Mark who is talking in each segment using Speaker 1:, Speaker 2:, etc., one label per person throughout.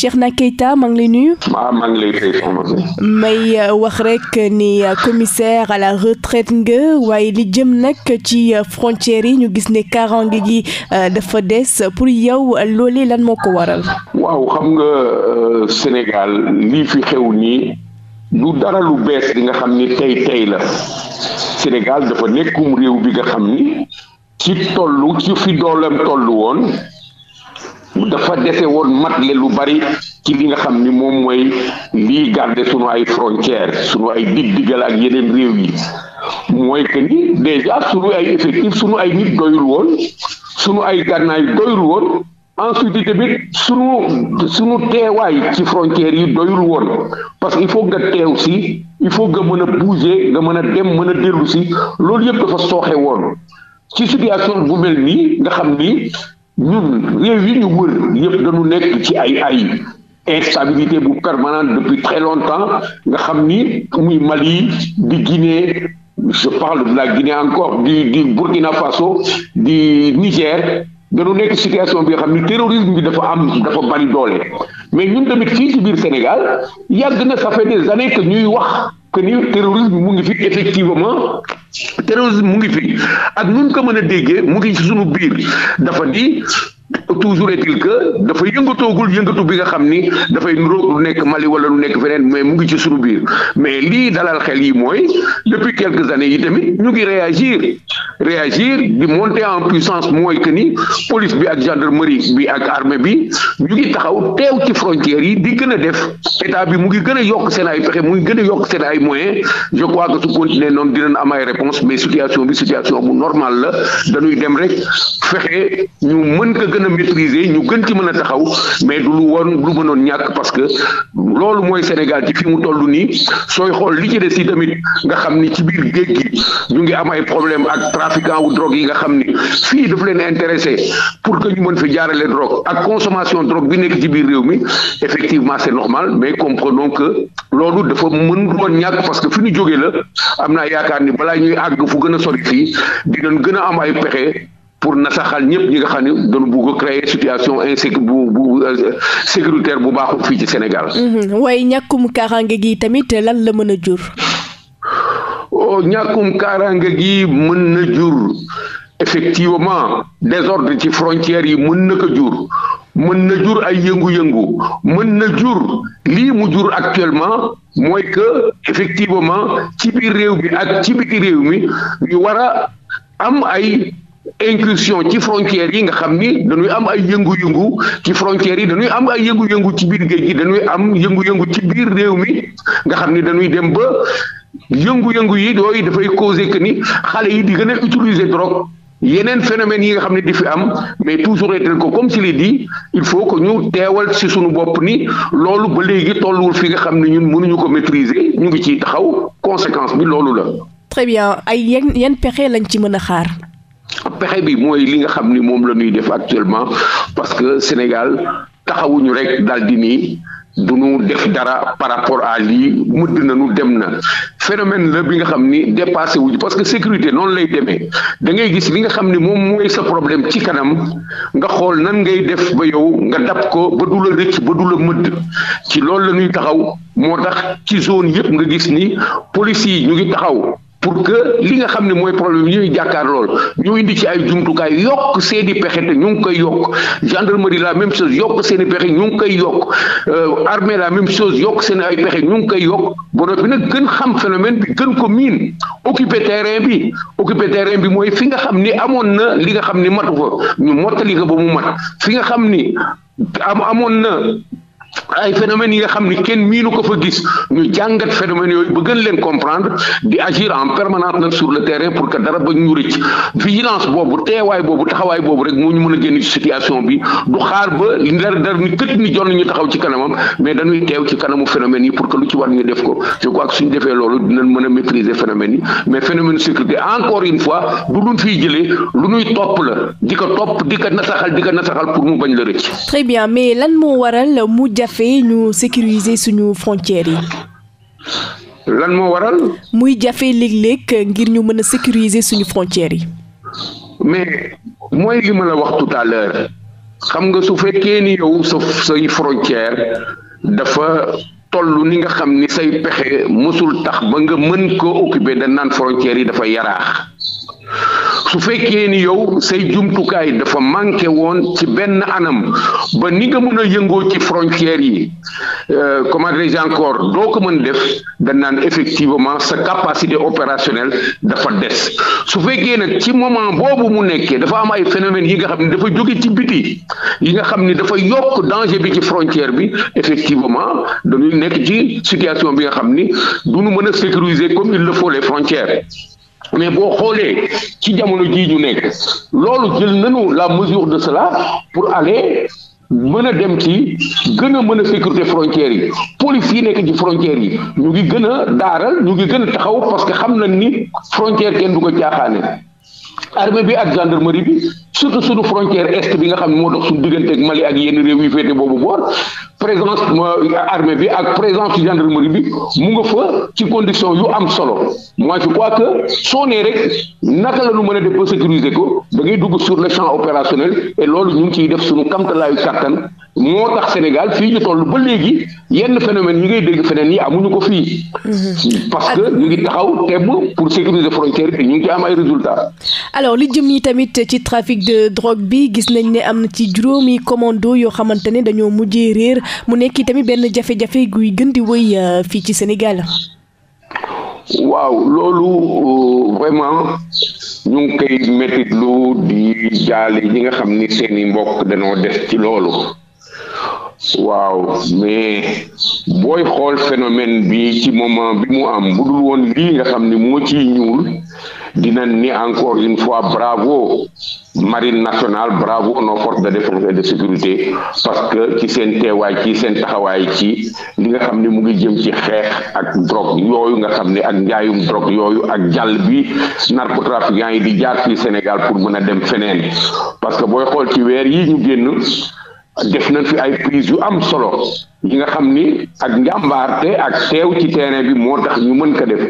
Speaker 1: Cheikhna Keita maa ngi lay nuyu. waaw maa ngi may euh, wax rekk ni euh, commissaire à la retraite nga waaye li jëm nag ci euh, frontières yi ñu gis ne kaaraange gi dafa des pour yow loolee lan moo ko waral.
Speaker 2: waaw xam nga Sénégal lii fi xew nii du dara lu bees bi nga xam ni tey tey la Sénégal dafa nekkum réew bi nga xam ni ci tollu ci fi dooleem tollu woon. dafa dese woon mat matle lu bari ci li nga xam ni moom mooy lii garder sunu ay frontières sunu ay dig digal ak yeneen réew yi mooy que ni déjà sunu ay effectif sunu ay nit doyul woon sunu ay gànnaay doyul woon ensuite tamit su sunu teewaay ci frontières yi doyul woon parce que il faut nga teew si il faut nga mën a bouger nga mën a dem mën a dellu si loolu yëpp dafa sooxe woon ci situation bu mel nii nga xam ni ñun réew yi ñu wër yëpp dañu nekk ci ay ay instabilité bu permanente depuis très longtemps nga xam ni muy Mali di Guinée je parle de la Guinée encore di di Burkina Faso di Niger dañu nekk situation bi nga xam ni terrorisme bi dafa am dafa bari doole mais ñun tamit fii ci biir Sénégal yàgg na sa fait des années que ñuy wax que ni terrorisme mu ngi fi effectivement terrorisme mu ngi fi ak nun ko mën a déggee mu ngi ci suñu biir dafa di toujours est-il que dafa yëngatoogul yëngatu bi nga xam ni dafay nuróog lu nekk Mali wala lu nekk feneen mais mu ngi ci suñu biir mais lii dalal xel yi mooy depuis quelques années yi tamit ñu ngi réagir réagir di monter en puissance mooy que ni police bi ak gendarmerie bi ak armée bi ñu ngi taxaw teew ci frontières yi di gën a def état bi mu ngi gën a yokk seen ay pexe mu gën a yokk seen ay moyens je crois que su continuer noonu dinañ am ay réponse mais situation bi situation bu normale la dañuy dem rek fexe ñu mën ko gën a maîtriser ñu gën ci mën a taxaw mais du lu woon lu mënoon ñàkk parce que loolu mooy Sénégal ci fi mu toll nii sooy xool li ci des yi tamit nga xam ni ci biir géej gi trafiquant wu drogue yi nga xam ni fii daf leen intéressé pour que ñu mën fi jaarale drogue ak consommation drogue bi nekk ci biir réew mi effectivement c'est normal mais comprenons que loolu dafa mën doon ñàkk parce que fi ñu jógee la am naa yaakaar ni balaa ñuy àgg fu gën a sori fii di doon gën a am ay pexe pour nasaxal ñëpp ñi nga xam ne doon bugg a créer situation insécu bu bu euh, sécuritaire bu baaxul fii ci Sénégal. Mm-hmm.
Speaker 1: waaye ñàkkum kaaraange gi tamit lan la a
Speaker 2: ñàkkum kaaraange gi mën na jur effectivement désordre ci frontières yi mën na jur mën na jur ay yëngu-yëngu mën na jur lii mu jur actuellement mooy que effectivement ci biir réew mi ak ci biti réew mi ñu war a am ay incursion ci frontières yi nga xam ni dañuy am ay yëngu-yëngu ci frontières yi dañuy am ay yëngu-yëngu ci biir géej gi dañuy am yëngu ci biir réew mi nga xam ni dañuy dem ba yëngu-yëngu yi yooyu dafay causer que ni xale yi di gën a utiliser drogue yeneen phénomène yi nga xam ne di fi am mais toujours est ko comme s'il est dit il faut que ñu teewal si suñu bopp ni loolu ba léegi tolluwul fi nga xam ne ñun mënuñu ko maîtriser ñu ngi ciy taxaw conséquence bi loolu la.
Speaker 1: très bien ay yenn yenn pexe lañ ci mën a xaar.
Speaker 2: pexe bi mooy li nga xam ni moom la ñuy def actuellement parce que Sénégal taxawuñu rek daal di nii du ñu def dara par rapport à lii mëdd nu dem na phénomène la bi nga xam ni dépassé wuñ parce que sécurité noonu lay demee da ngay gis li nga xam ni moom mooy sa problème ci kanam nga xool nan ngay def ba yow nga dab ko ba du la rëcc ba du la mëdd ci loolu la ñuy taxaw moo tax ci zone yëpp nga gis ni police yi ñu ngi taxaw pour que li nga xam ne mooy problème yi ñuy jàkkaar lool ñu indi ci ay jumtukaay yokk seeni pexe te ñu ngi koy yokk gendarmerie la même chose yokk seeni pexe ñu ngi koy yokk euh, armée la même chose yokk seeni ay pexe ñu ngi koy yokk bono nag gën xam phénomène bi gën ko miin occuper terrain bi occuper terrain bi mooy fi nga xam ni amoon na li nga xam ni matu fa ñu mottali ko ba mu mat fi nga xam ni amoon na ay phénomènes yi nga xam ni kenn miinu ko fa gis ñu jàngat phénomènes yooyu ba gën leen comprendre di agir en permanence nag sur le terrain pour que dara ba ñu rëcc vigilance boobu teewaay boobu taxawaay boobu rek moo ñu mën a génn ci situation bi du xaar ba ndar ndar ni kët ni jonn ñu taxaw ci kanamam mais dañuy teew ci kanamu phénomènes yi pour que lu ci war ñu def ko je crois que defee loolu dinañ mën a maîtriser phénomènes yi mais phénomène sécurité encore di ko topp di ko mu bañ la rëcc.
Speaker 1: jafe ñu sécuriser suñu frontières yi. lan moo waral. muy jafe léeg-léeg ngir ñu mën a sécuriser suñu frontières yi.
Speaker 2: mais mooy li ma la wax tout xam nga su fekkee ni yow sa say frontière dafa toll ni nga xam ni say pexe mësul tax ba nga mën koo occuper dañ naan frontières yi dafa yaraax su fekkee ni yow say jumtukaay dafa manqué woon ci benn anam ba ni nga mën a yëngoo ci frontières yi euh, comment dirais-je encore doo ko mën def dañ naan effectivement sa capacité opérationnelle dafa des su fekkee nag ci moment boobu mu nekkee dafa am ay phénomènes yi nga xam ne dafa jóge ci biti yi nga xam ni dafa yokk danger bi ci frontière bi effectivement dañuy nekk ci situation bi nga xam ni du nu mën a sécuriser comme il le faut les frontières mais boo xoolee ci jamono jii ñu nekk loolu jël nañu la mesure de cela pour aller mën a dem ci gën a mën a sécurité frontières yi police yi nekk ci frontières yi ñu ngi gën a daaral ñu ngi gën a taxaw parce que xam nañ ni frontière kenn du ko caaxaane armée bi ak gendarmerie bi surtout nu frontière est bi nga xam ne moo dox suñu diggante ak Mali ak yenn réew yi féete boobu boor présence armée bi ak présence gendarmerie bi mu nga fa ci condition yu am solo moi je crois que soo nee rek naka la ñu mën a def ba sécuriser ko da ngay dugg sur le champ opérationnel loolu ñu ngi ciy def suñu kamtalaayu kàttan moo tax Sénégal fii ñu toll ba léegi yenn phénomène ñu ngay dégg feneen yi amuñu ko fii. Mhm. parce que ñu ngi taxaw temm pour sécuriser frontière te ñu ngi am ay résultats.
Speaker 1: alors li jëm yi tamit ci trafic de drogue bi gis nañ ne am na ci juróomi commando yoo xamante ne dañoo mujjee réer. mu nekk tamit benn jafe-jafe guy gën di wëy euh, fii ci Sénégal.
Speaker 2: waaw loolu euh, vraiment ñu ngi koy métitlu di jaale ñi nga xam ni seen i mbokk dañoo def ci loolu. waaw mais booy xool phénomène bi ci moment bi mu am bu dul woon lii nga xam ni moo ciy ñuul dina ni encore une fois bravo marine nationale bravo nos forces de défense et de sécurité parce que ci seen teewaay ci seen taxawaay ci li nga xam ni mu ngi jëm ci xeex ak drogue yooyu nga xam ni ak njaayum drogue yooyu ak jàll bi narcotrafiquants yi di jaar fii Sénégal pour mën a dem feneen parce que booy xool ci weer yi ñu génn def nañ fi ay prise yu am solo ñi nga xam ni ak njàmbaarte ak teew ci terrain bi moo tax ñu mën ko def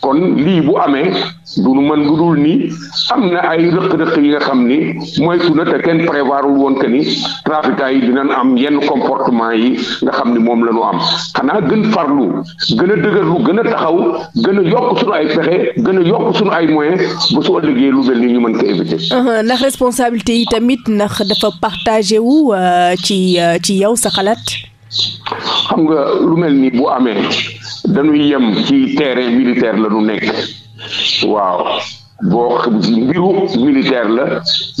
Speaker 2: kon lii bu amee du nu mën gudul ni am na ay rëq-rëq yi nga xam ni moytu na te kenn prévoirul woon que ni trafiquants yi dinañ am yenn comportement yi nga xam ni moom la ñu am xanaa gën farlu gën a dëgërlu gën a taxaw gën a yokk suñu ay pexe gën a yokk suñu ay moye ba soo ëllëgee lu mel ni ñu mën ko éviter. Uh-huh.
Speaker 1: ndax responsabilité yi tamit ndax dafa partagé wu uh, ci uh, ci yow sa xalaat. xam nga lu mel ni bu amee dañuy yem ci terrain militaire la
Speaker 2: ñu nekk waaw boo mbiru militaire la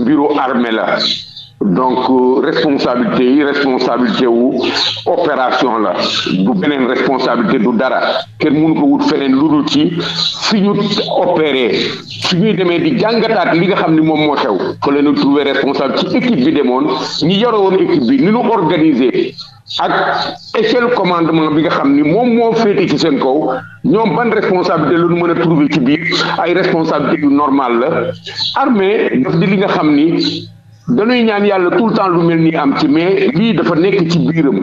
Speaker 2: mbiru armée la donc responsabilité yi responsabilité wu opération la du beneen responsabilité du dara kenn mënu ko wut feneen lu dul ci fi ñu opéré su ñuy demee di jàngataat li nga xam ni moom moo xew fa la ñu trouver responsable ci équipe bi demoon ñi yaroon équipe bi ni ñu organiser ak échelle commandement bi nga xam ni moom moo féete ci seen kow ñoom ban responsabilité la ñu mën a trouver ci biir ay responsabilité yu normal la armée daf di li nga xam ni dañuy ñaan yàlla tout le temps lu mel nii am ci mais lii dafa nekk ci biiram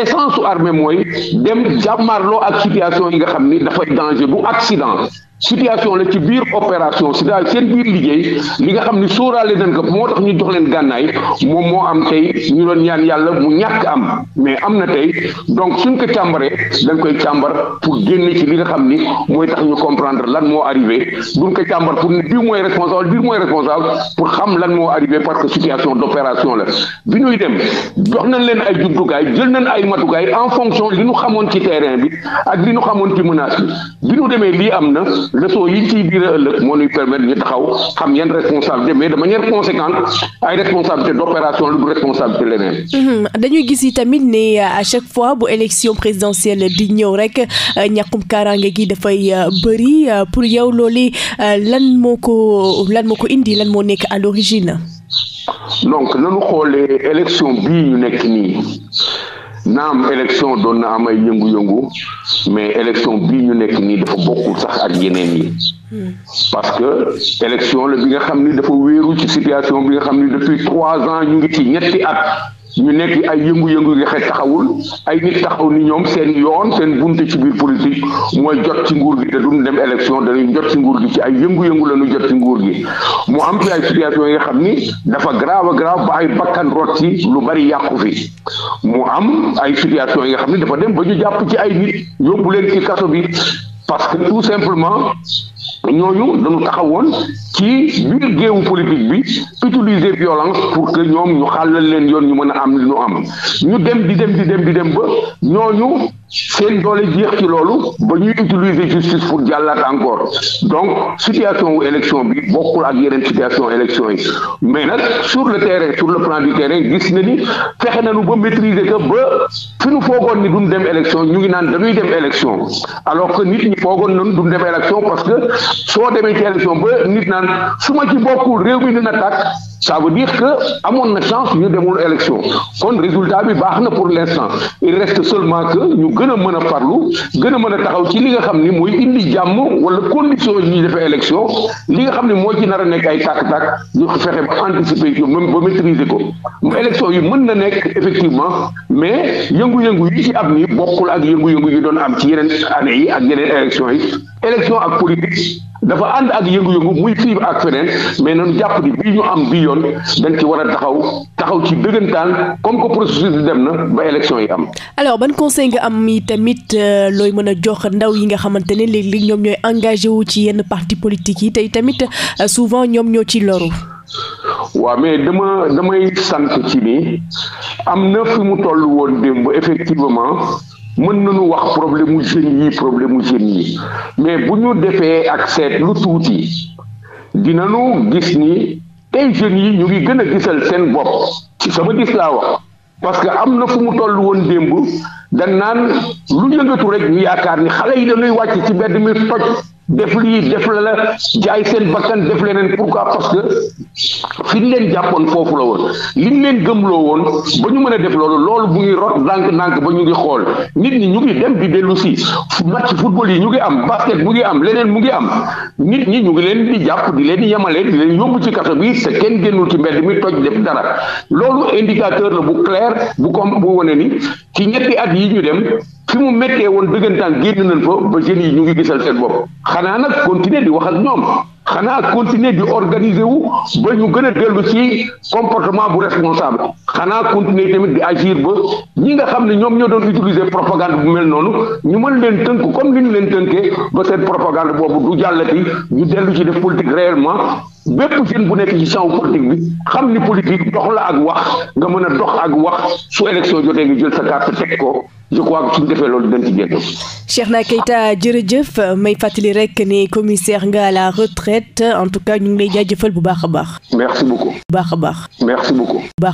Speaker 2: essence su armée mooy dem jàmmarloo ak situation yi nga xam ni dafay danger bu accident situation la ci biir opération si daal seen biir liggéey li nga xam ni sóoraale nañ ko moo tax ñu jox leen gànnaay moom moo am tey ñu doon ñaan yàlla mu ñàkk am mais am na tey donc suñ ko càmbaree dañ koy càmbar pour génn ci li nga xam ni mooy tax ñu comprendre lan moo arriver arrivé duñ ko càmbar pour ne bii mooy responsable bii mooy responsable pour xam lan moo arrivé parce que situation d'opération la bi ñuy dem jox nañ leen ay jumtukaay jël nañ ay matukaay en fonction li ñu xamoon ci terrain bi ak li ñu xamoon ci leçon yi ciy biir ëllëg moo ñuy permettre ñu taxaw xam yan responsabilité mais de manière conséquente ay responsabilité d' opération la du responsabilité leneen.
Speaker 1: dañuy gis yi tamit ne euh, à chaque fois bu élection présidentielle di ñëw rek euh, ñàkkum kaaraange gi dafay euh, bëri pour yow loolu lan moo ko lan moo ko indi lan moo nekk à l'origine
Speaker 2: donc nanu xoolee élection bii ñu nekk nii naam élection doon na am ay yëngu-yëngu. mais élection bii ñu nekk nii dafa bokkul sax ak yeneen yi parce que élection la bi nga xam ni dafa wéeru ci situation bi nga xam ni depuis trois ans ñu ngi ci ñetti at ñu nekk ay yëngu-yëngu yi nga xam taxawul ay nit taxaw ni ñoom seen yoon seen bunte ci biir politique mooy jot ci nguur gi te duñ dem élection dañuy jot ci nguur gi ci ay yëngu-yëngu la ñu jot ci nguur gi mu am ci ay situation yi nga xam ni dafa grave grave ba ay bakkan rot ci lu bari yàqu fi mu am ay situation yi nga xam ni dafa dem ba ñu jàpp ci ay nit yóbbu leen ci kaso bi parce que tout simplement ñooñu dañu taxawoon ci biir géewu politique bi utiliser violence pour que ñoom ñu xàllal leen yoon ñu mën a am li ñu am ñu dem di dem di dem di dem ba ñooñu seen doole jeex ci loolu ba ñuy utiliser justice pour jàllaat encore donc situation wu élection bi bokkul ak yeneen situation élection yi mais nag sur le terrain sur le plan du terrain gis na ni fexe nañu ba maîtriser que ba fi nu foogoon ni duñ dem élection ñu ngi naan dañuy dem élection alors que nit ñu foogoon nañu duñ dem élection parce que soo demee ci élection ba nit naan su ma ci bokkul réew mi dina tàkk ça veut dire que amoon na chance ñu demul élection kon résultat bi baax na gën a mën a farlu gën a mën a taxaw ci li nga xam ni mooy indi jàmm wala condition yi ñuy defee élection li nga xam ne moo ci nar a nekk ay tàkk-tàkk ñu fexe ba anticiper ko même ba maîtriser ko mu élection yi mën na nekk effectivement mais yëngu-yëngu yi ci am ni bokkul ak yëngu-yëngu yi doon am ci yeneen année yi ak yeneen élection yi élection ak politique dafa ànd ak yëngu-yëngu muy fii ak feneen mais nañu jàpp ni bii ñu am bii yoon dañ ci war a taxaw taxaw ci dëggantaan comme que processus bi dem na ba élection yi am.
Speaker 1: alors ban conseil nga am yi tamit euh, looy mën a jox ndaw yi nga xamante ne léeg-léeg ñoom ñooy engagé wu ci yenn parti politique yi tey tamit euh, souvent ñoom ñoo ci loru.
Speaker 2: waaw mais dama damay sant ci ni am na fi mu toll woon démb effectivement. mën nañu wax problème mu jeunes yi problème mu jeunes yi mais bu ñu defee ak seet lu tuuti nu gis ni tey jeunes yi ñu ngi gën a gisal seen bopp ci sama gis laa wax parce que am na fu mu toll woon démb dañ naan lu yëngatu rek ñu yaakaar ni xale yi dañuy wàcc ci mbedd mi toj def lii def la la jaay seen bakkan def leneen pourquoi parce que fi ñu leen jàppoon foofu la woon li ñu leen gëmloo woon ba ñu mën a def loolu loolu bu ngi rot ndànk-ndànk ba ñu ngi xool nit ñi ñu ngi dem di dellu si match football yi ñu ngi am basket mu ngi am leneen mu ngi am nit ñi ñu ngi leen di jàpp di leen di yemale di leen yóbbu ci kaso bi te kenn génnul ci mbedd mi toj def dara loolu indicateur la bu clair bu comme bu wane ni ci ñetti at yi ñu dem si mu méttee woon dëggantaan génn nañ fa ba jeunes yi ñu ngi gisal seen bopp xanaa nag continuer di wax ak ñoom xanaa continuer di organiser wu ba ñu gën a dellu ci comportement bu responsable xanaa continuer tamit di agir ba ñi nga xam ne ñoom ñoo doon utiliser propagande bu mel noonu ñu mën leen tënk comme ni ñu leen tënkee ba seen propagande boobu du jàllati ñu dellu ci def politique réellement bépp jeune bu nekk ci champ politique bi xam ni politique dox la ak wax nga mën a dox ak wax su élection jotee nga jël sa carte teg ko je crois que suñu
Speaker 1: defee jërëjëf may fàttali rek ni commissaire nga la retraite en tout cas ñu ngi lay jaajëfal bu baax a baax. merci bu baax a baax. merci beaucoup.